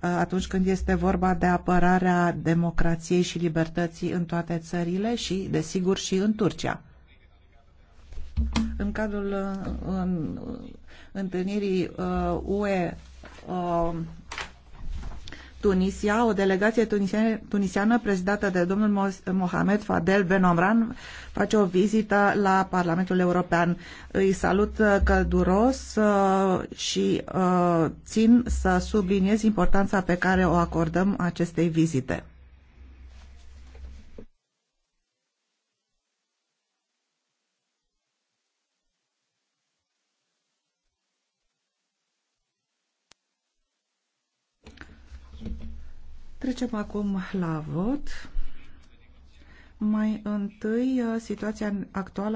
atunci când este vorba de apărarea democrației și libertății în toate țările și, desigur, și în Turcia. În cadrul uh, în, uh, întâlnirii uh, UE Tunisia, o delegație tunisiană prezidată de domnul Mohamed Fadel Ben Omran face o vizită la Parlamentul European. Îi salut uh, călduros uh, și uh, țin să subliniez importanța pe care o acordăm acestei vizite. Trecem acum la vot. Mai întâi, uh, situația actuală